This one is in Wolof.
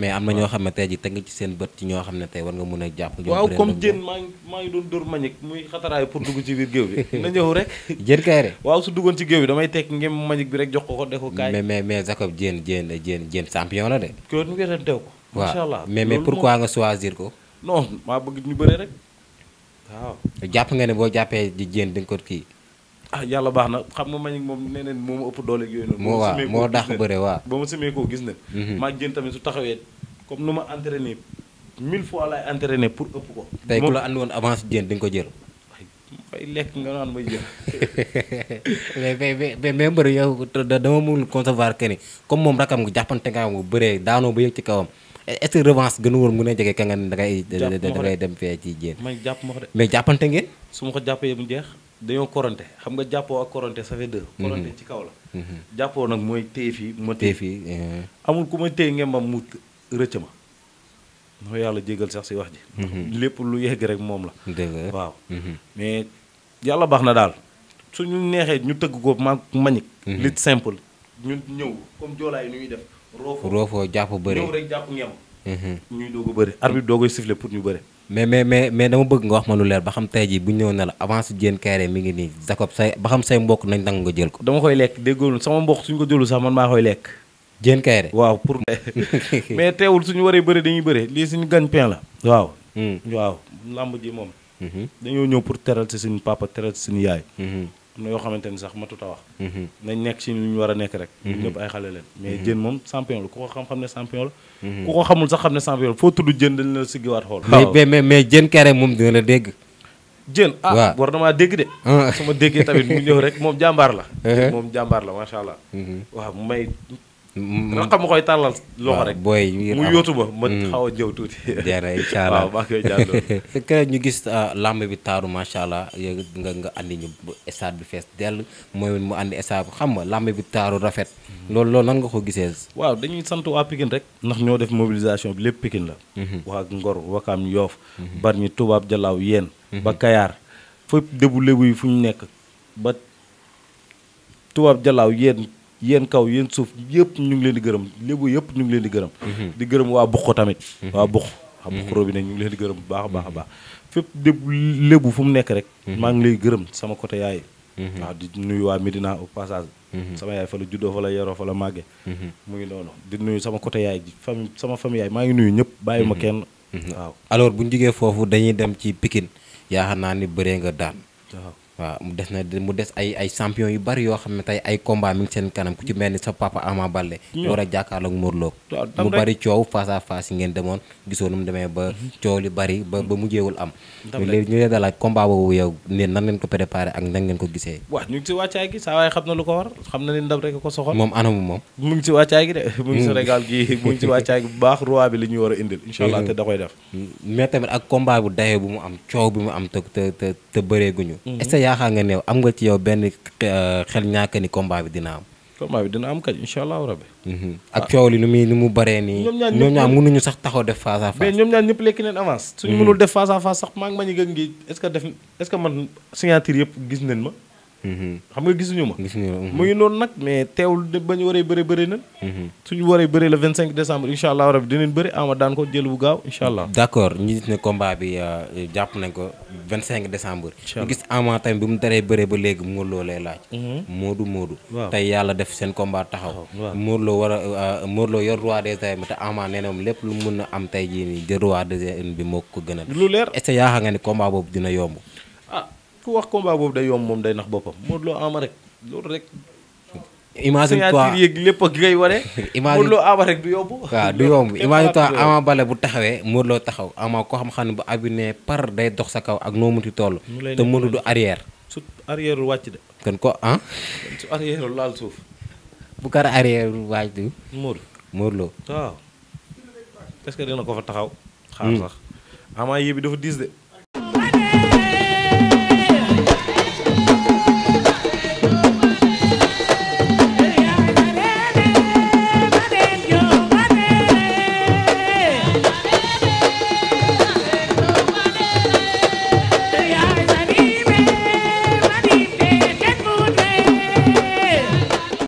mais am na ñoo xam ne tey ji teg nga ci seen bët ci ñoo xam ne tey war nga mun a jàpp waaw comme jën maa ngi maa ngi doon dóor mañik muy xataraay pour dugg ci biir géew jën kay rek waaw su duggoon ci géew bi damay tekk ngem mañik bi rek jox ko ko def ko kaay mais mais Jacob Diène Diène Diène champion la de ko ñu wetan teew ko macha allah mais mais pourquoi nga choisir ko non maa bëgg ñu bëre rek waaw jàpp nga ne boo jàppee di Diène di ko kii ah yàlla baax na xam nga man moom nee moo ma ëpp doole ak yooyu noonu. moo waa moo dàq bëre waa ba ma simee koo gis ne. maa jën tamit su taxawee comme nu ma entraîné mille fois laay entraîné pour ëpp ko. tey ku la andi woon avance jën di nga ko jël. lekk nga naan may jël. mais mais mais mais mbër yow dama mënul concevoir que comme moom rakam nga jàppante nga nga bëree daanoo ba yëg ci kawam. est-ce que revanche gënu woon mën a jege ka nga ne dangay. jàpp ma dem fee ci jéen. man jàpp ma ko de mais jàppante ngeen. su ma ko jàppee mu jeex. dañoo koronte xam nga jàppoo ak koronte ça fait deux. Mhm. ci kaw la. Mhm. jàppoo nag mooy téye fii ma téye fii. Eh. amul ku ma téye ngembam mu rëcc ma. noo yàlla jégal sax si wax ji. Mhm. lépp lu yegg rek moom la. waaw. mais yàlla baax na daal su ñu neexee ñu tëgg ko ma mañik. lit simple ñu ñëw comme joolaay nu ñuy def. roofoo roofoo jàpp bari ñëw rek jàpp ngemb. ñuy doog a bëri arbitre doog a siffler pour ñu bëri. mais mais mais mais dama bëgg nga wax ma lu leer ba xam tey jii bu ñëw ne la avance Diène Kairé mi ngi nii Jacob say ba xam say mbokk nañ nangu nga jël ko. dama koy lekk déggoon sama mbokk suñ ko jëlu sax man maa koy lekk. Diène Kairé waaw pour. mais teewul suñu waree bëri dañuy bëri lii suñu gagne-pain la. waaw. Hmm. waaw lamb ji moom. Hmm. dañoo ñëw pour teral si suñu papa teral si suñu yaay. Hmm. am na yoo xamante ni sax matut a wax. Mhm. nañ nekk ci lu ñu war a nekk rek. ñun mhm. ñëpp ay xale leen. mais mhm. jën moom champion la ku ko xam-xam ne champion la. ku ko xamul sax xam ne champion la foo tudd jën dañ la siggiwaat xool. mais mais mais jën kare moom dina la dégg. jën ah war na maa dégg de. Ah. su ma déggee tamit mu ñëw rek moom jàmbaar la. Uh-huh. moom jàmbaar la macha allah. waaw may nga xam ma koy tàllal loxo rek booy mu yóotu ma ma mm. xaw a jëw tuuti jere incha allah waaw maa koy jàlloo keneen ñu gis ah, làmb bi taaru macha allah nga nga andi ñu stade bi fees dell mooy mu andi stade bi xam nga làmb bi taaru rafet mm-hmm. loolu loolu nan nga ko gisee waaw dañuy sant waa Pikine rek ndax ñoo def mobilisation bi lépp Pikine la mm-hmm. waa Ngor Wakaam Yoof mm-hmm. Bargny Tubaab Jalaaw yéen ba Kayaar fépp débu lébu yi fu ñu nekk ba Tubaab Jalaaw yéen yéen kaw yéen suuf yëpp ñu ngi leen di gërëm lébu yëpp ñu ngi leen di gërëm mhm. di gërëm waa buq tamit mhm. waa buq xam buq mhm. robinet ñu ngi leen di gërëm bu baax a baax a baax fépp lébu fu mu nekk rek maa ngi lay gërëm sama côté yaay waaw di nuyu waa Medina au passage sama yaay fa la juddoo fa la yaroo fa mu ngi noonu di nuyu sama côté yaay ji famille sama famille maa ngi nuyu ñëpp bàyyi ma kenn waaw alors bu ñu jógee foofu dañuy dem ci Pikine yaakaar naa ni bëree nga daan waaw mu des na mu des ay ay champion yu bari yoo xam ne tey ay combat a ba mhm. coow li bari ba ba mujjeewul am léegi ñu leen daal combat boobu yow ne nan ngeen ko préparé ak nan ngeen bu baax a indil mm. da koy bu mu am coow bi mu am te te te bëreeguñu mm-hmm. yaakaar nga ne am nga ci yow benn euh, xel ñàkk ni combat bi dina am. combat bi dina am kay incha allahu rabi. Mm-hmm. ak coow li ni mu bëree nii. ñoom ñaar mënuñu sax taxaw def face à mais ñoom ñaar ñëpp lekk neen avance. suñu mm-hmm. mënul def face à sax maa ma ñu gën ngi est ce que est man signature yëpp gis nañ ma. Mm-hmm. xam nga gis ñu gisuñu ma mm-hmm. mu ngi noonu nag mais teew ba ñu waree bëri bëri na. Mm-hmm. ñu waree bëri le 25 décembre incha allah rabi dinañ bëri ama daan ko jël bu gaaw incha allah. d' accord ne combat bi euh, jàpp nañ ko 25 cinq incha allah gis ama tamit bi mu daree bëree ba léegi Modou Lo lay laaj. Modou def seen combat taxaw. waaw Modou Lo war euh, yor roi te ama nee na lépp lu mun a am tey jii nii jël roi des arènes bi moo ko gënal. lu leer est ce nga ni combat boobu dina yomb. ku wax combat boobu day yomb moom day nax boppam Modou Lo Ama rek loolu rek. imagine toi yéeg lépp ak ngay wane. imagine Modou Lo Ama rek du yomb. waaw du bu taxawee Modou Lo taxaw Ama koo xam xam ne bu abine par day dox sa kaw ak noo munti toll. te Modou du arrière. su arrière wàcc de. kon ko ah. su arrière laal suuf. bu kar arrière wàcc du. Modou Modou waaw est-ce que dina ko fa taxaw. Hmm. xaar sax Ama yébi dafa diis de.